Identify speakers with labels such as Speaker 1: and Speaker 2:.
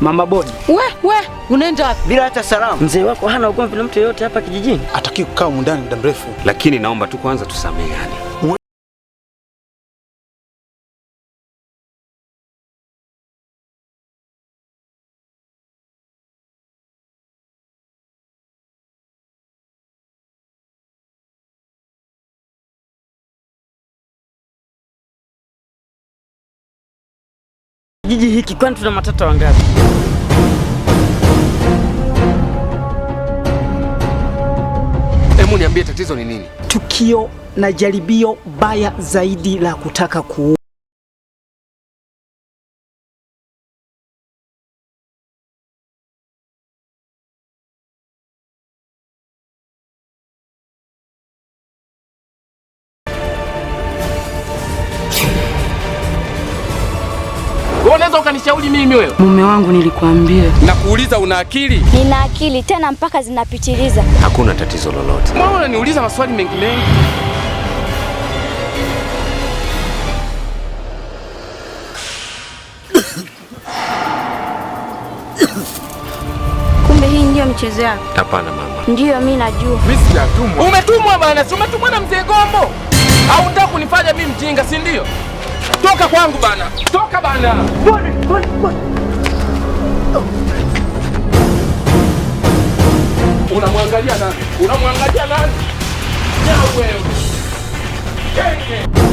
Speaker 1: Mama boni
Speaker 2: We, we, unaenda wapi?
Speaker 1: Bila hata salamu.
Speaker 2: Mzee wako hana ugomvi na mtu yoyote hapa kijijini?
Speaker 1: Hataki kukaa mundani muda mrefu.
Speaker 3: Lakini naomba tu kwanza tusameheane.
Speaker 2: Kijiji hiki kwani tuna matata wangapi?
Speaker 1: Hebu niambie tatizo ni nini?
Speaker 2: Tukio na jaribio baya zaidi la kutaka kuua
Speaker 1: unaweza ukanishauri mimi wewe?
Speaker 2: Mume wangu nilikwambia.
Speaker 1: Nakuuliza una akili?
Speaker 2: Nina akili tena mpaka zinapitiliza.
Speaker 3: Hakuna tatizo lolote.
Speaker 1: Mbona unaniuliza maswali mengi mengi?
Speaker 2: Kumbe hii ndio mchezo yako?
Speaker 3: Hapana mama.
Speaker 2: Ndio mimi najua.
Speaker 1: Mimi sijatumwa. Umetumwa bana, si umetumwa na mzee Gombo. Au unataka kunifanya mimi mjinga, si ndio? Toka kwangu bana. Toka bana.
Speaker 2: Bwana, bwana, bwana.
Speaker 1: Unamwangalia nani? Unamwangalia nani? Ya wewe. Kenge.